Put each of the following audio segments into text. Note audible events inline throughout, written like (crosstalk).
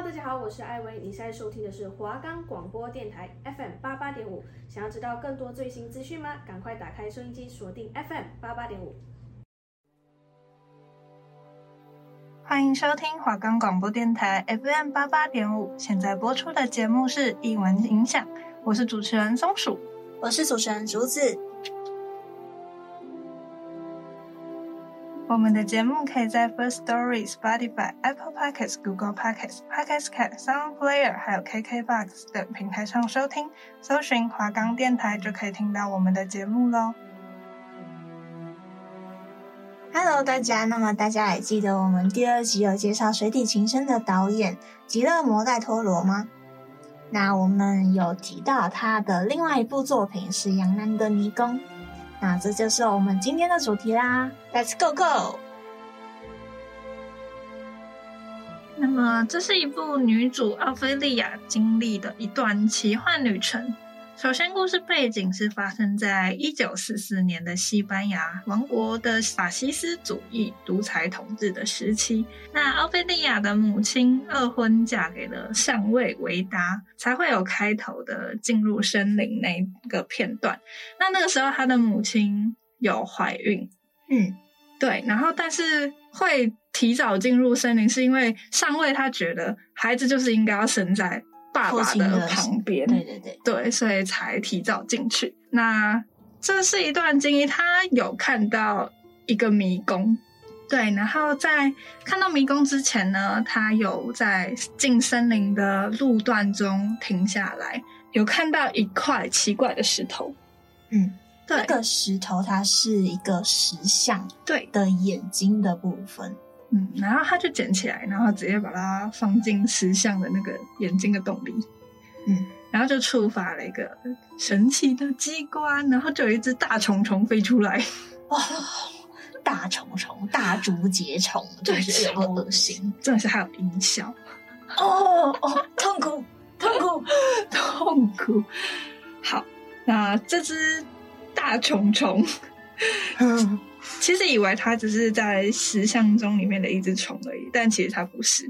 大家好，我是艾薇，你現在收聽的是華岡廣播電台 FM 八八點五。想要知道更多最新資訊嗎？趕快打開收音機，鎖定 FM 八八點五。歡迎收聽華岡廣播電台 FM 八八點五，現在播出的節目是《藝文影享》，我是主持人松鼠，我是主持人竹子。我們的節目可以在 Firstory、Spotify Apple Podcasts Google Podcasts Podcasts Cast Sound Player 還有 KK Box 等平台上收聽，搜尋華岡電台就可以聽到我們的節目嘍。Hello，大家，那麼大家還記得我們第二集有介紹《水底情深》的導演吉勒摩戴托羅嗎？那我們有提到他的另外一部作品是《羊男的迷宮》。那這就是我們今天的主題啦，Let's go go。那麼，這是一部女主奧菲利亞經歷的一段奇幻旅程。首先，故事背景是發生在一九四四年的西班牙王國的法西斯主義獨裁統治的時期。那奧菲利亞的母親二婚嫁給了上尉維達，才會有開頭的進入森林那個片段。那那個時候，他的母親有懷孕，嗯，對。然後，但是會提早進入森林，是因為上尉他覺得孩子就是應該要生在。爸爸的旁邊，對對對,對，對，所以才提早進去。那這是一段經歷，他有看到一個迷宮，對，然後在看到迷宮之前呢，他有在進森林的路段中停下來，有看到一塊奇怪的石頭，嗯，這個石頭它是一個石像，對，的眼睛的部分。嗯，然後他就撿起來，然後直接把它放進石像的那個眼睛的洞裡，嗯，嗯，然後就觸發了一個神奇的機關，然後就有一隻大蟲蟲飛出來，哦大蟲蟲，大竹節蟲， (laughs) 真的是有點噁心，真的是還有音效，哦哦，痛苦，痛苦， (laughs) 痛苦，好，那這隻大蟲蟲。 (laughs) (laughs) 其實以為他只是在石像中裡面的一隻蟲而已，但其實他不是。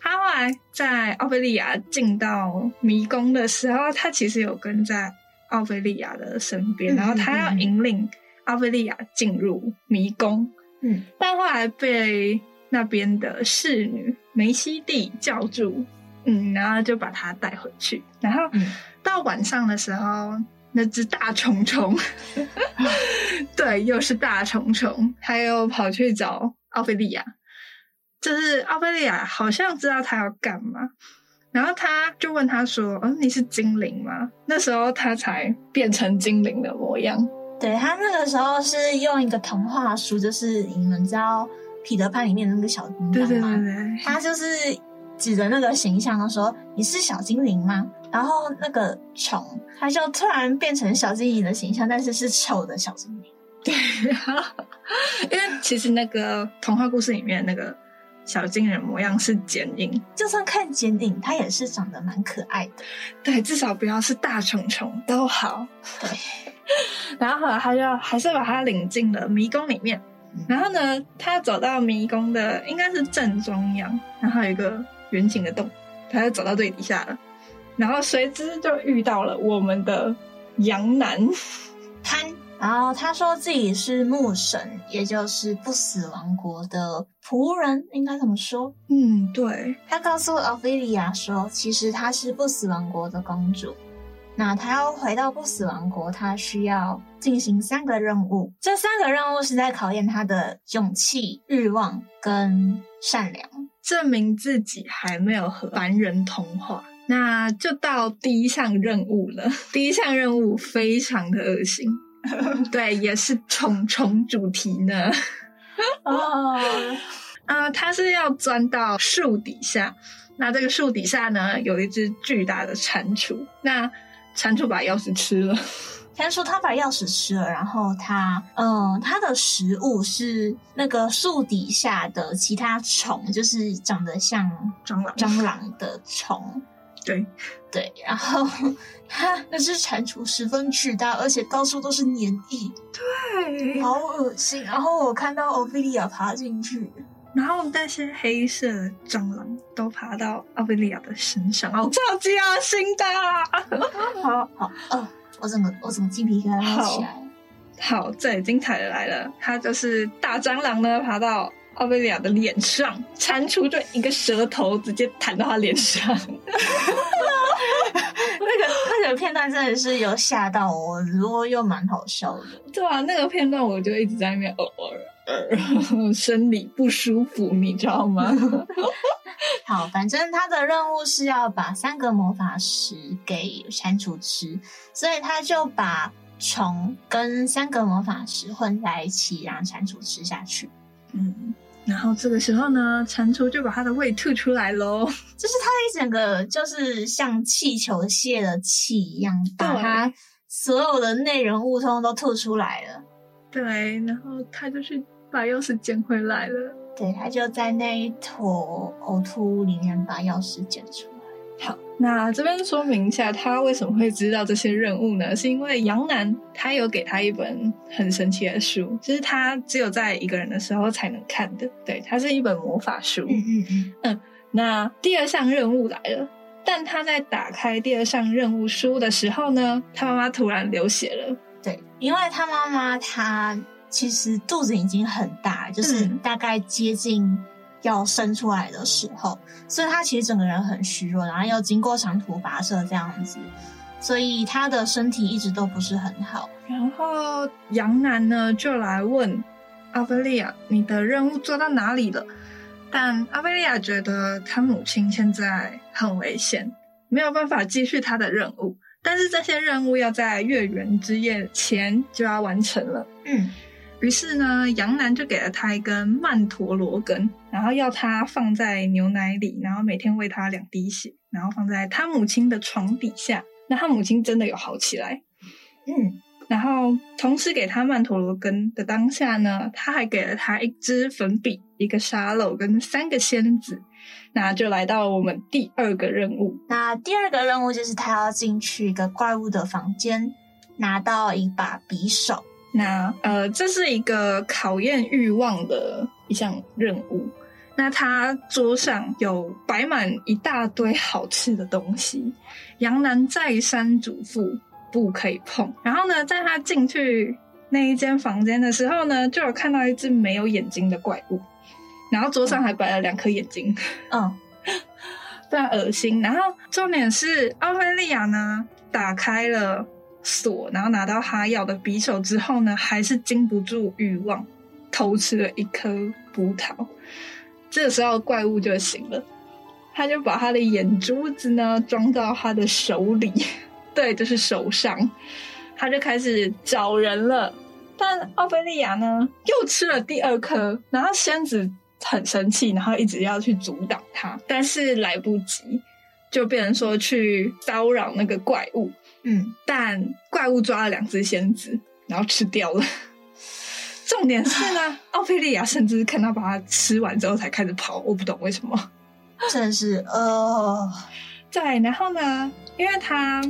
他後來在奧菲利亞進到迷宮的時候，他其實有跟在奧菲利亞的身邊，嗯，然後他要引領奧菲利亞進入迷宮。嗯，但後來被那邊的侍女梅西蒂叫住，嗯，然後就把他帶回去。然後到晚上的時候。那隻大蟲蟲，對，又是大蟲蟲，他又跑去找奧菲利亞，就是奧菲利亞好像知道他要幹嘛，然後他就問他說：“嗯，哦，你是精靈嗎？”那時候他才變成精靈的模樣。對，他那個時候是用一個童話書，就是你們知道《彼得潘》裡面的那個小，對,對對對，他就是指着那個形象的時候：“你是小精靈嗎？”然後那個蟲，他就突然變成小精靈的形象，但是是醜的小精靈。對，然後，因為其實那個童話故事裡面那個小金人模樣是剪影，就算看剪影，它也是長得蠻可愛的。對，至少不要是大蟲蟲都好。對。然後後來他就還是把他領進了迷宮裡面，然後呢，他走到迷宮的應該是正中央，然後有一個圓形的洞，他就走到最底下了。然後隨之就遇到了我們的羊男，潘。然後他說自己是牧神，也就是不死王國的僕人。應該怎麼說？嗯，對。他告訴奧菲利亞說，其實她是不死王國的公主。那她要回到不死王國，她需要進行三個任務。這三個任務是在考驗她的勇氣、慾望跟善良，證明自己還沒有和凡人同化。那就到第一項任務了。第一項任務非常的噁心， (laughs) 對，也是蟲蟲主題呢。啊，啊，它是要鑽到樹底下。那這個樹底下呢，有一隻巨大的蟾蜍。那蟾蜍把鑰匙吃了。蟾蜍它把鑰匙吃了，然後它，嗯、呃，它的食物是那個樹底下的其他蟲，就是長得像蟑螂蟑螂的蟲。對，對，然後那只蟾蜍十分巨大，而且到處都是黏液，對，好惡心。然後我看到奧菲利亞爬進去，然後那些黑色蟑螂都爬到奧菲利亞的身上，哦，超級惡、啊、心的、啊。啊、 (laughs) 好好、呃，我怎麼我怎麼雞皮疙瘩起來了？好，最精彩的來了，它就是大蟑螂呢爬到。奧菲利亞的臉上，蟾蜍就一個舌頭直接彈到他臉上。Hello? (laughs) 那個那個片段真的是有嚇到我，如果又蠻好笑的。對啊，那個片段我就一直在那邊偶爾偶生理不舒服， (laughs) 你知道嗎？ (laughs) 好，反正他的任務是要把三個魔法石給蟾蜍吃，所以他就把蟲跟三個魔法石混在一起，然後蟾蜍吃下去。嗯。然後這個時候呢，蟾蜍就把它的胃吐出來嘍，就是它一整個就是像氣球洩了氣一樣，把它所有的內容物通通都吐出來了。對，然後它就去把鑰匙撿回來了。對，它就在那一坨嘔吐物裡面把鑰匙撿出來。好。那這邊說明一下，他為什麼會知道這些任務呢？是因為羊男他有給他一本很神奇的書，就是他只有在一個人的時候才能看的。對，它是一本魔法書。嗯嗯，嗯，那第二項任務來了，但他在打開第二項任務書的時候呢，他媽媽突然流血了。對，因為他媽媽她其實肚子已經很大，就是大概接近。要生出來的時候，所以他其實整個人很虛弱，然後要經過長途跋涉這樣子，所以他的身體一直都不是很好。然後羊男呢就來問阿菲利亞：“你的任務做到哪裡了？”但阿菲利亞覺得他母親現在很危險，沒有辦法繼續他的任務。但是這些任務要在月圓之夜前就要完成了。嗯。於是呢，羊男就給了他一根曼陀羅根，然後要他放在牛奶裡，然後每天餵他兩滴血，然後放在他母親的床底下。那他母親真的有好起來，嗯。然後同時給他曼陀羅根的當下呢，他還給了他一支粉筆、一個沙漏跟三個仙子。那就來到了我們第二個任務。那第二個任務就是他要進去一個怪物的房間，拿到一把匕首。那呃，這是一個考驗慾望的一項任務。那他桌上有擺滿一大堆好吃的東西，羊男再三囑咐不可以碰。然後呢，在他進去那一間房間的時候呢，就有看到一隻沒有眼睛的怪物，然後桌上還擺了兩顆眼睛，嗯，非常 (laughs) 惡心。然後重點是，奧菲利亞呢打開了。鎖，然後拿到他要的匕首之後呢，還是禁不住慾望，偷吃了一顆葡萄。這個時候怪物就醒了，他就把他的眼珠子呢裝到他的手裡，對，就是手上，他就開始找人了。但奧菲利亞呢，又吃了第二顆，然後仙子很生氣，然後一直要去阻擋他，但是來不及，就變成說去騷擾那個怪物。嗯，但怪物抓了兩隻仙子，然後吃掉了。重點是呢，啊、奧菲利亞甚至看到把它吃完之後才開始跑，我不懂為什麼。真是呃，哦、對，然後呢，因為他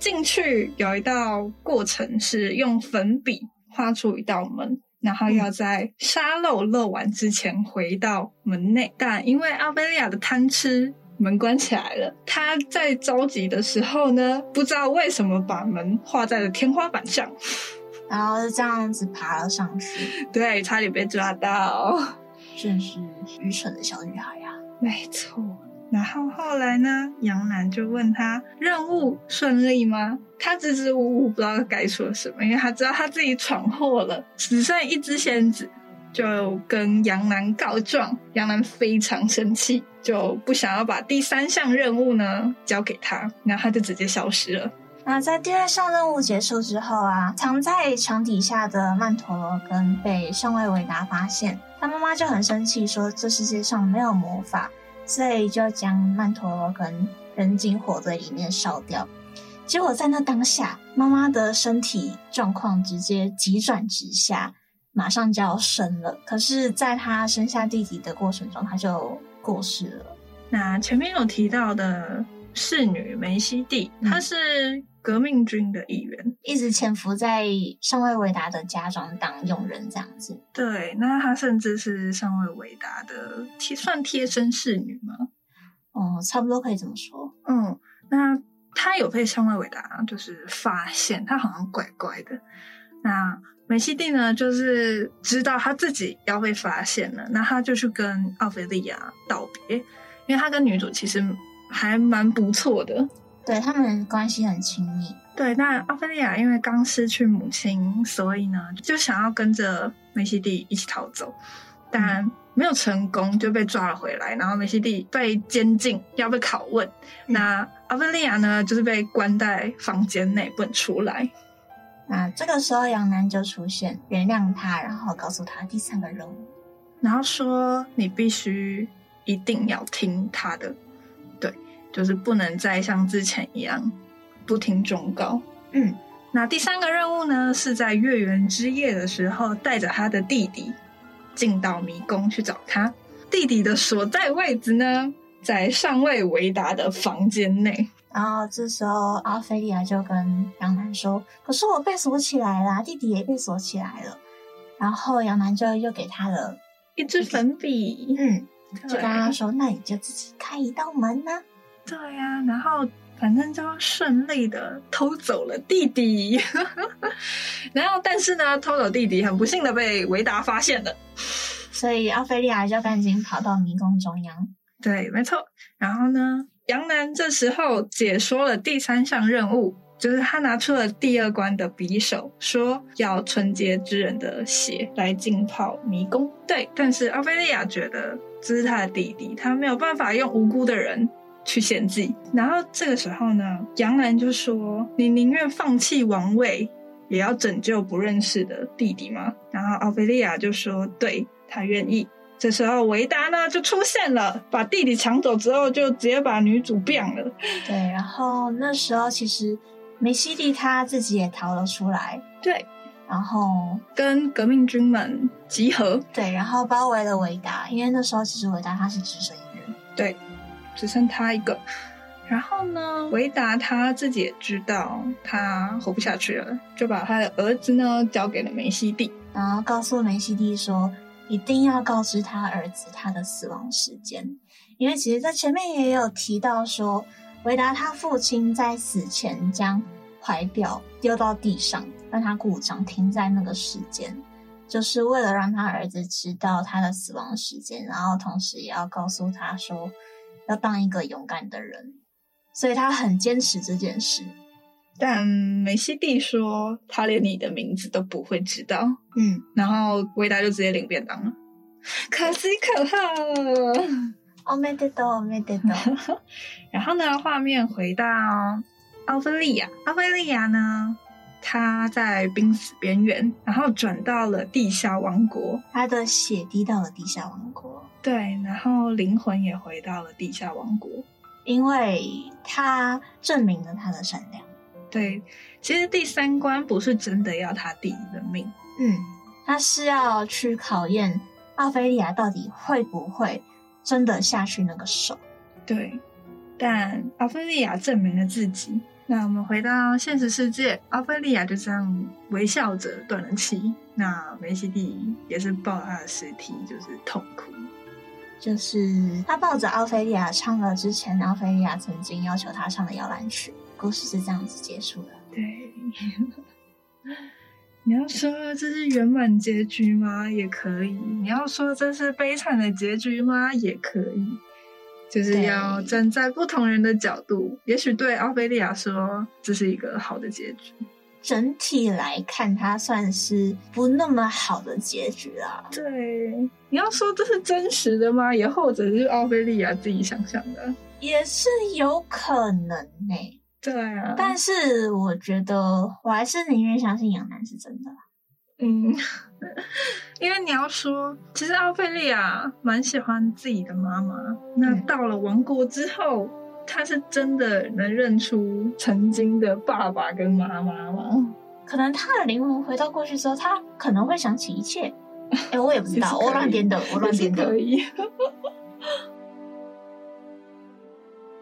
進去有一道過程是用粉筆畫出一道門，然後要在沙漏漏完之前回到門內，嗯、但因為奧菲利亞的貪吃。門關起來了，他在着急的時候呢，不知道為什麼把門畫在了天花板上，然後就這樣子爬了上去，對，差點被抓到，真是愚蠢的小女孩呀、啊，沒錯。然後後來呢，羊男就問他任務順利嗎？他支支吾吾，不知道該說什麼，因為他知道他自己闖禍了，只剩一隻仙子，就跟羊男告狀，羊男非常生氣。就不想要把第三項任務呢交給他，然後他就直接消失了。那、啊、在第二項任務結束之後啊，藏在床底下的曼陀羅根被上尉維達發現，他媽媽就很生氣，說這世界上沒有魔法，所以就將曼陀羅根扔進火堆裡面燒掉。結果在那當下，媽媽的身體狀況直接急轉直下，馬上就要生了。可是，在她生下弟弟的過程中，她就。過世了。那前面有提到的侍女梅西蒂，嗯、她是革命軍的一員，一直潛伏在上尉維達的家中當傭人這樣子。對，那她甚至是上尉維達的貼，算貼身侍女嗎？哦、嗯，差不多可以這麼說。嗯，那她有被上尉維達就是發現，她好像怪怪的。那。梅西蒂呢，就是知道他自己要被發現了，那他就去跟奧菲利亞道別，因為他跟女主其實還蠻不錯的，對，他們關係很親密。對，那奧菲利亞因為剛失去母親，所以呢就想要跟着梅西蒂一起逃走，但沒有成功，就被抓了回來，然後梅西蒂被監禁，要被拷問，那奧菲利亞呢就是被關在房間內，不能出來。那這個時候，羊男就出現，原諒他，然後告訴他第三個任務，然後說你必須一定要聽他的，對，就是不能再像之前一樣不聽忠告。嗯，那第三個任務呢，是在月圓之夜的時候，帶着他的弟弟進到迷宮去。找他弟弟的所在位置呢，在上尉維達的房間內。然後這時候，奧菲利亞就跟羊男說：“可是我被鎖起來了，弟弟也被鎖起來了。”然後羊男就又給他了一支粉筆，嗯，對就跟他說：“那你就自己開一道門呢。”對呀、啊，然後反正就順利的偷走了弟弟。 (laughs) 然後，但是呢，偷走弟弟很不幸的被維達發現了，所以奧菲利亞就趕緊跑到迷宮中央。對，沒錯。然後呢？羊男這時候解說了第三項任務，就是他拿出了第二關的匕首，說要純潔之人的血來浸泡迷宮。對，但是奧菲利亞覺得這是他的弟弟，他沒有辦法用無辜的人去獻祭。然後這個時候呢，羊男就說：“你寧願放棄王位，也要拯救不認識的弟弟嗎？”然後奧菲利亞就說：“對，他願意。”這時候維達呢就出現了，把弟弟搶走之後，就直接把女主變了。對，然後那時候其實梅西蒂他自己也逃了出來。對，然後跟革命軍們集合。對，然後包圍了維達，因為那時候其實維達他是只剩一人。對，只剩他一個。然後呢，維達他自己也知道他活不下去了，就把他的兒子呢交給了梅西蒂，然後告訴梅西蒂說。一定要告知他兒子他的死亡時間，因為其實在前面也有提到說，維達他父親在死前將懷表丟到地上，讓他故障停在那個時間，就是為了讓他兒子知道他的死亡時間，然後同時也要告訴他說要當一個勇敢的人，所以他很堅持這件事。但梅西蒂說，他連你的名字都不會知道。嗯，然後維達就直接領便當了，可喜可賀。我沒得到，我沒得到。 (laughs) 然後呢？畫面回到奧菲利亞。奧菲利亞呢？他在瀕死邊緣，然後轉到了地下王國。他的血滴到了地下王國。對，然後靈魂也回到了地下王國，因為他證明了他的善良。對，其實第三關不是真的要他弟弟的命，嗯，他是要去考驗奧菲利亞到底會不會真的下去那個手。對，但奧菲利亞證明了自己。那我們回到現實世界，奧菲利亞就這樣微笑着斷了氣。那梅西蒂也是抱着他的屍體，就是痛哭，就是他抱着奧菲利亞唱了之前奧菲利亞曾經要求他唱的搖籃曲。故事是這樣子結束的。對， (laughs) 你要說這是圓滿結局嗎？也可以。對你要說這是悲慘的結局嗎？也可以。就是要站在不同人的角度。對也許對奧菲利亞說，這是一個好的結局。整體來看，它算是不那麼好的結局啊。對，你要說這是真實的嗎？也或者，是奧菲利亞自己想象的，也是有可能呢、欸。對啊，但是我覺得我還是寧願相信羊男是真的。嗯，因為你要說，其實奧菲利亞蠻喜歡自己的媽媽。那到了王國之後，他、嗯、是真的能認出曾經的爸爸跟媽媽嗎？可能他的靈魂回到過去之後，他可能會想起一切。哎，我也不知道，我亂編的，我亂編的。 (laughs)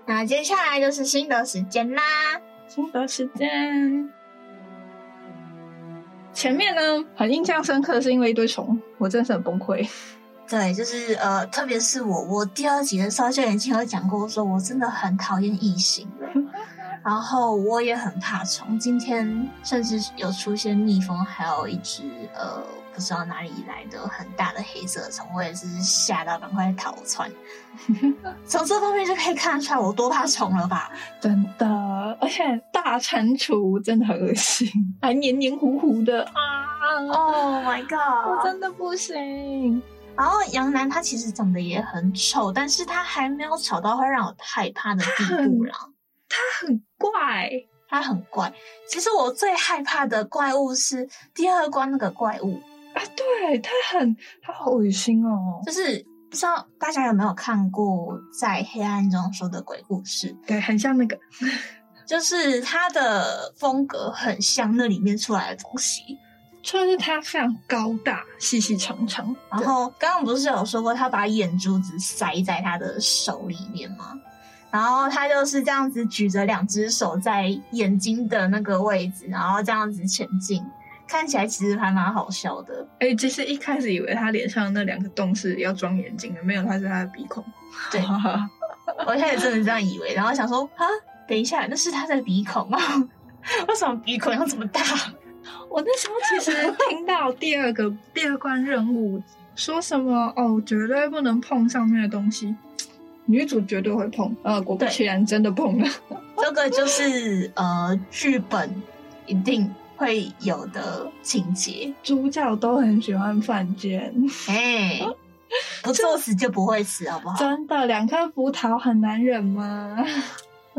那接下來就是心得時間啦。心得時間，前面呢很印象深刻，是因為一堆蟲，我真的是很崩潰。對，就是呃，特別是我，我第二集的時候就已經有講過，說我真的很討厭異形， (laughs) 然後我也很怕蟲。今天甚至有出現蜜蜂，還有一隻呃。不知道哪裡來的很大的黑色蟲，我也是嚇到趕快逃竄。從 (laughs) 這方面就可以看出來，我多怕蟲了吧？真的，而且大蟾蜍真的很噁心，還黏黏糊糊糊的啊！Oh my God，我真的不行。然後羊男他其實長得也很醜，但是他還沒有醜到會讓我害怕的地步了。很，他很怪，他很怪。其實我最害怕的怪物是第二關那個怪物。啊，對，他很，他好噁心哦，就是不知道大家有沒有看過在黑暗中說的鬼故事？對，很像那個， (laughs) 就是他的風格很像那裡面出來的東西，就是他非常高大，細細長長，長。然後剛剛不是有說過他把眼珠子塞在他的手裡面嗎？然後他就是這樣子舉着兩隻手在眼睛的那個位置，然後這樣子前進。看起來其實還蠻好笑的。哎、欸，其、就、實、是、一開始以為他臉上那兩個洞是要裝眼睛，的，沒有，他是他的鼻孔。對，我現在真的這樣以為，然後想說，啊，等一下，那是他的鼻孔嗎？為什麼鼻孔要這麼大？我那時候其實聽到第二個 (laughs) 第二關任務說什麼哦，絕對不能碰上面的東西，女主絕對會碰。呃，果不其然，真的碰了。對 (laughs) 這個就是呃，劇本一定。會有的情節，主角都很喜歡犯賤，哎，不作死就不會死， (laughs) 就好不好？真的，兩顆葡萄很難忍嗎？ (laughs)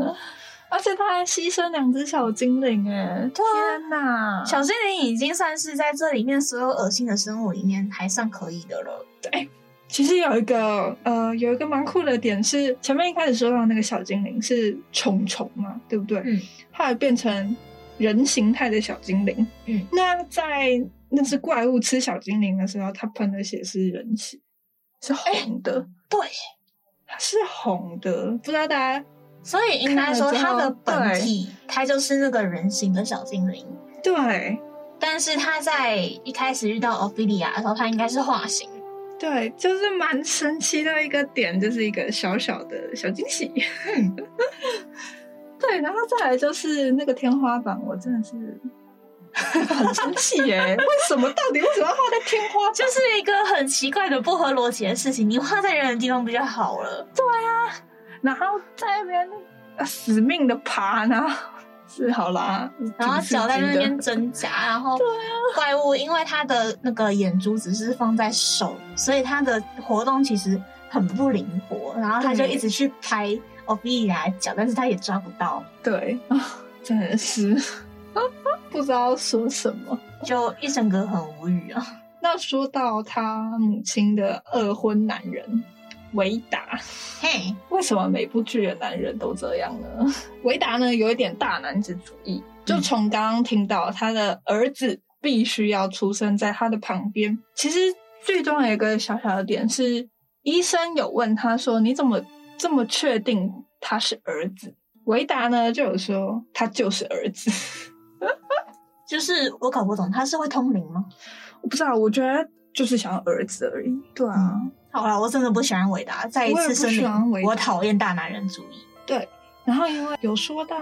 而且他還犧牲兩只小精靈，哎、啊，天哪！小精靈已經算是在這裡面所有噁心的生物裡面還算可以的了。對，其實有一個呃，有一個蠻酷的點是，前面一開始說到那個小精靈是蟲蟲嘛，對不對？嗯，後來變成。人形態的小精靈，嗯，那在那隻怪物吃小精靈的時候，它噴的血是人血，是紅的，欸、對，是紅的，不知道大家，所以應該說它的本體對它就是那個人形的小精靈，對，但是他在一開始遇到奧菲利亞的時候，他應該是化形，對，就是蠻神奇的一個點，就是一個小小的小驚喜。 (laughs) 對，然後再來就是那個天花板，我真的是很生氣哎、欸！為什麼到底為什麼要畫在天花板？就是一個很奇怪的不合邏輯的事情。你畫在人的地方不就好了？對啊，然後在那邊、啊、死命的爬呢，是好啦。然後腳在那邊掙扎，對啊、然後怪物因為他的那個眼珠子，是放在手，所以他的活動其實很不靈活。然後他就一直去拍。我故來講，但是他也抓不到。對啊，真的是呵呵不知道說什麼，就一整個很無語啊、喔。那說到他母親的二婚男人維達，達嘿，為什麼每部劇的男人都這樣呢？維達呢，有一點大男子主義，就從剛剛聽到他的兒子必須要出生在他的旁邊。嗯、其實最重要一個小小的點是，醫生有問他說：“你怎麼？”這麼確定他是兒子？維達呢？就有說他就是兒子， (laughs) 就是我搞不懂，他是會通靈嗎？我不知道，我覺得就是想要兒子而已。對啊，嗯、好了，我真的不喜歡維達，再我一次聲明，我討厭大男人主義。對，然後因為有說到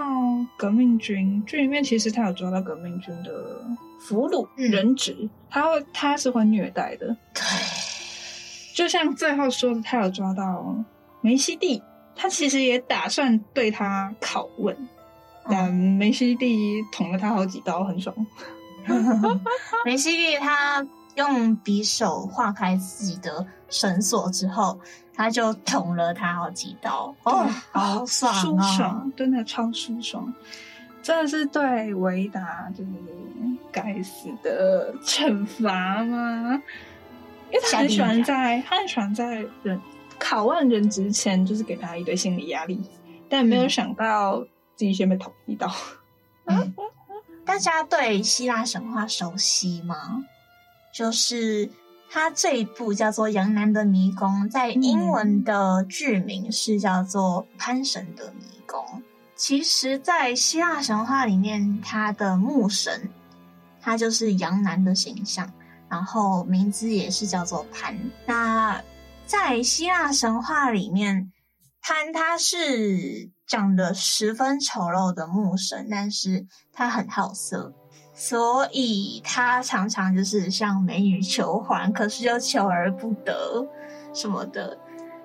革命軍，這裡面其實他有抓到革命軍的俘虜與人質。嗯、他會他是會虐待的。對，就像最後說的，他有抓到。梅西蒂他其實也打算對他拷問，但梅西蒂捅了他好幾刀，很爽。 (laughs) 梅西蒂他用匕首劃開自己的繩索之後，他就捅了他好幾刀。哦，好爽啊！舒爽，真的超舒爽，真的是對維達就是該死的懲罰嗎？因為他很喜歡在，他很喜歡在人。考萬人之前，就是給他一堆心理壓力，但沒有想到自己先被捅一刀，嗯。大家對希臘神話熟悉嗎？就是他這一部叫做《羊男的迷宮》，在英文的劇名是叫做《潘神的迷宮》。嗯、其實，在希臘神話裡面，他的牧神，他就是羊男的形象，然後名字也是叫做潘。那在希臘神話裡面，潘他是長得十分醜陋的牧神，但是他很好色，所以他常常就是向美女求歡，可是又求而不得什麼的。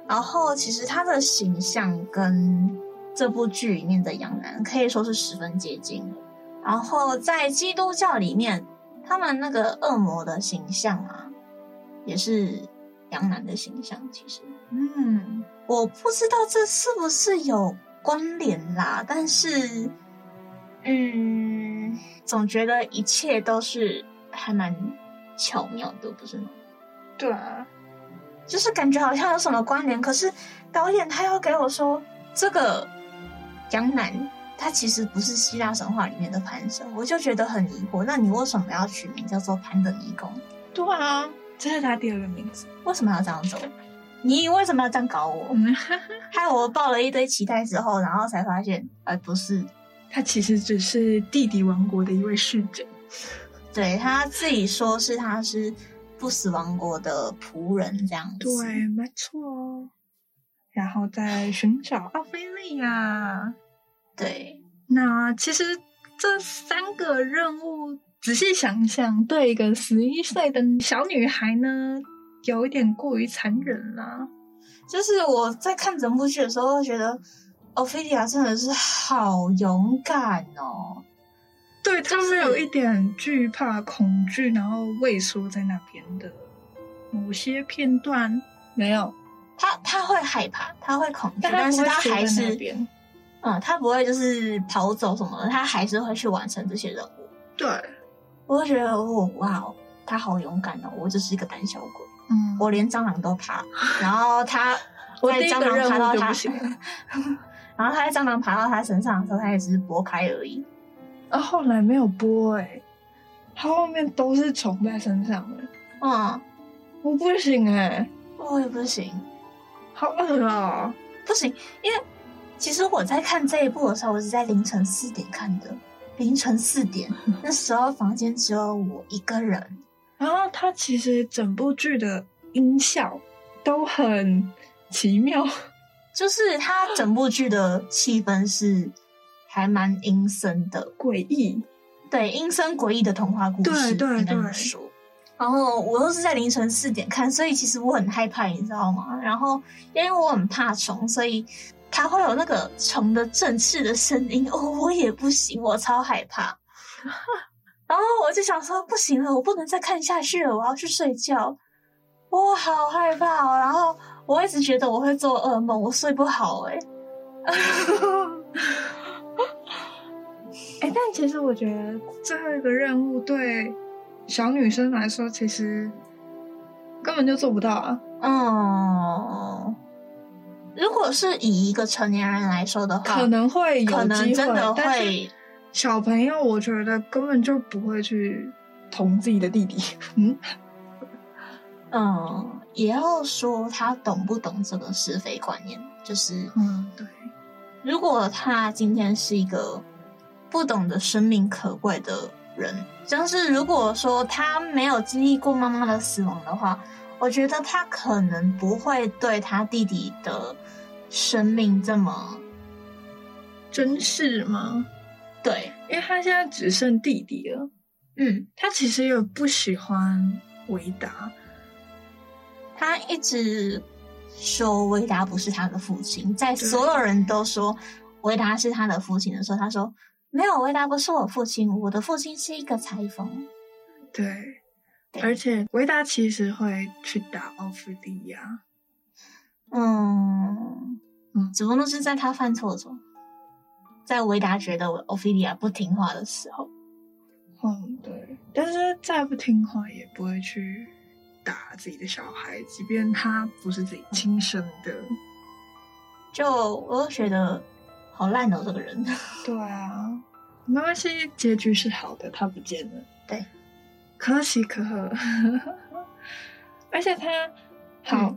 然後其實他的形象跟這部劇裡面的羊男可以說是十分接近的。然後在基督教裡面，他們那個惡魔的形象啊，也是。羊男的形象其實，嗯，我不知道這是不是有關聯啦，但是，嗯，總覺得一切都是還蠻巧妙的，不是嗎？對啊，就是感覺好像有什麼關聯，可是導演他要給我說這個羊男，他其實不是希臘神話裡面的潘神，我就覺得很疑惑。那你為什麼要取名叫做潘的迷宮？對啊。這是他第二個名字，為什麼要這樣走？你為什麼要這樣搞我？ (laughs) 害我抱了一堆期待之後，然後才發現，而、呃、不是，他其實只是地底王國的一位侍者，對，他自己說是他是不死王國的僕人，這樣子， (laughs) 對，沒錯、哦，然後在尋找奧菲利亞，對，那其實這三個任務。仔細想想，對一個十一歲的小女孩呢，有一點過於殘忍啦、啊，就是我在看整部劇的時候，覺得奧菲利亞真的是好勇敢哦。對，她、就是她有一點懼怕、恐懼，然後畏縮在那邊的某些片段。沒有，她她會害怕，她會恐懼，但，她但是她還是，嗯，她不會就是跑走什麼的，她還是會去完成這些任務。對。我就覺得哦，哇哦，他好勇敢哦！我只是一個膽小鬼，嗯，我連蟑螂都怕。然後他，在蟑螂爬到他，我第一個任務就不行 (laughs) 然後他在蟑螂爬到他身上的時候，他也只是撥開而已。啊，後來沒有撥哎、欸，他後面都是蟲在身上的、欸。啊、嗯，我不行哎、欸，我也不行，好噁啊，不行。因為其實我在看這一部的時候，我是在凌晨四點看的。凌晨四點，那時候房間只有我一個人。然後他其實整部劇的音效都很奇妙，就是他整部劇的氣氛是還蠻陰森的、詭異，對，陰森詭異的童話故事，對對對，對你，跟你說，然後我都是在凌晨四點看，所以其實我很害怕，你知道嗎？然後因為我很怕蟲，所以。它會有那個蟲的振翅的聲音，哦，我也不行，我超害怕。 (laughs) 然後我就想說，不行了，我不能再看下去了，我要去睡覺。我、哦、好害怕，哦，然後我一直覺得我會做噩夢，我睡不好哎，欸。哎、 (laughs) (laughs) 欸，但其實我覺得最後一個任務對小女生來說，其實根本就做不到啊。嗯。如果是以一個成年人來說的話，可能會有會，可能真的會。小朋友，我覺得根本就不會去捅自己的弟弟。嗯嗯，也要說他懂不懂這個是非觀念，就是嗯對。如果他今天是一個不懂得生命可貴的人，但、就是如果說他沒有經歷過媽媽的死亡的話，我覺得他可能不會對他弟弟的。生命這麼真是嗎？對，因為他現在只剩弟弟了。嗯，他其實又不喜歡維達，他一直說維達不是他的父親。在所有人都說維達是他的父親的時候，他說：“沒有，維達不是我父親，我的父親是一個裁縫。”對，對，而且維達其實會去打奧菲利亞。嗯，嗯，只不過是在他犯錯的時候，在維達覺得奧菲利亞不聽話的時候，嗯，對。但是再不聽話也不會去打自己的小孩，即便他不是自己親生的。就我覺得好爛哦，這個人。對啊，沒關係，結局是好的，他不見了。對，可喜可賀。 (laughs) 而且他、嗯、好。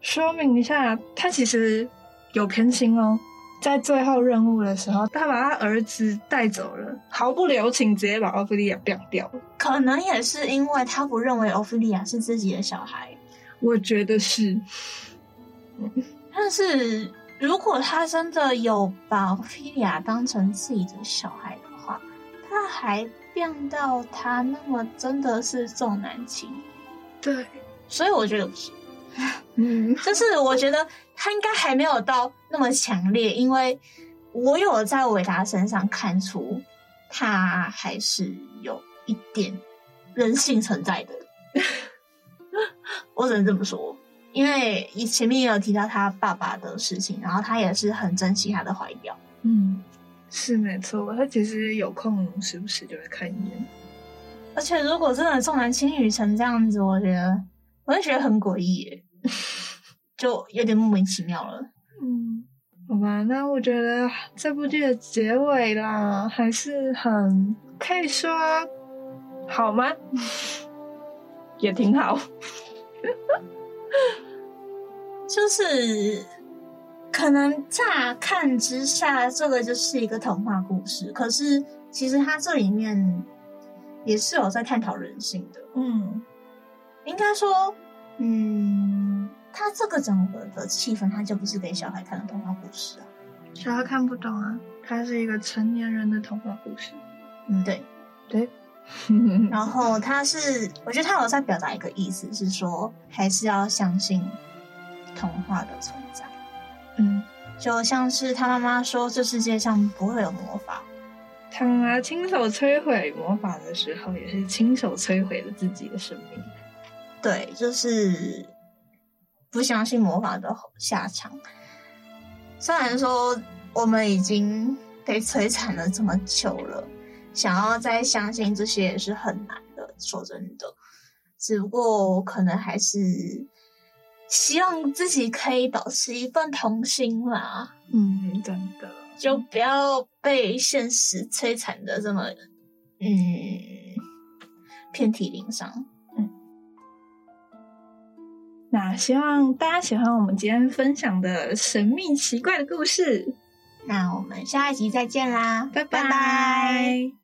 說明一下，他其實有偏心哦。在最後任務的時候，他把他兒子帶走了，毫不留情，直接把奧菲利亞變掉了。可能也是因為他不認為奧菲利亞是自己的小孩。我覺得是。 (laughs) 但是如果他真的有把菲利亞當成自己的小孩的話，他還變到他那麼真的是重男輕女？對。所以我覺得不是。嗯， (laughs) 就是我覺得他應該還沒有到那麼強烈，因為我有在維達身上看出他還是有一點人性存在的。 (laughs) 我只能這麼說，因為以前面也有提到他爸爸的事情，然後他也是很珍惜他的懷錶。嗯，是沒錯，他其實有空時不時就會看一眼。而且如果真的重男輕女成這樣子，我覺得我也覺得很詭異耶。就有點莫名其妙了。嗯，好吧，那我覺得這部劇的結尾啦，還是很可以說好嗎？也挺好。 (laughs) 就是可能乍看之下，這個就是一個童話故事，可是其實它這裡面也是有在探討人性的。嗯，應該說，嗯。他這個整個的氣氛，他就不是給小孩看的童話故事啊，小孩看不懂啊。他是一個成年人的童話故事，嗯對對。對 (laughs) 然後他是，我覺得他有在表達一個意思是說，還是要相信童話的存在。嗯，就像是他媽媽說，這世界上不會有魔法。他媽媽親手摧毀魔法的時候，也是親手摧毀了自己的生命。對，就是。不相信魔法的下場。雖然說我們已經被摧殘了這麼久了，想要再相信這些也是很難的。說真的，只不過我可能還是希望自己可以保持一份童心啦。嗯，真的，就不要被現實摧殘得這麼嗯遍體鱗傷。那希望大家喜歡我們今天分享的神秘奇怪的故事。那我們下一集再見啦，拜拜。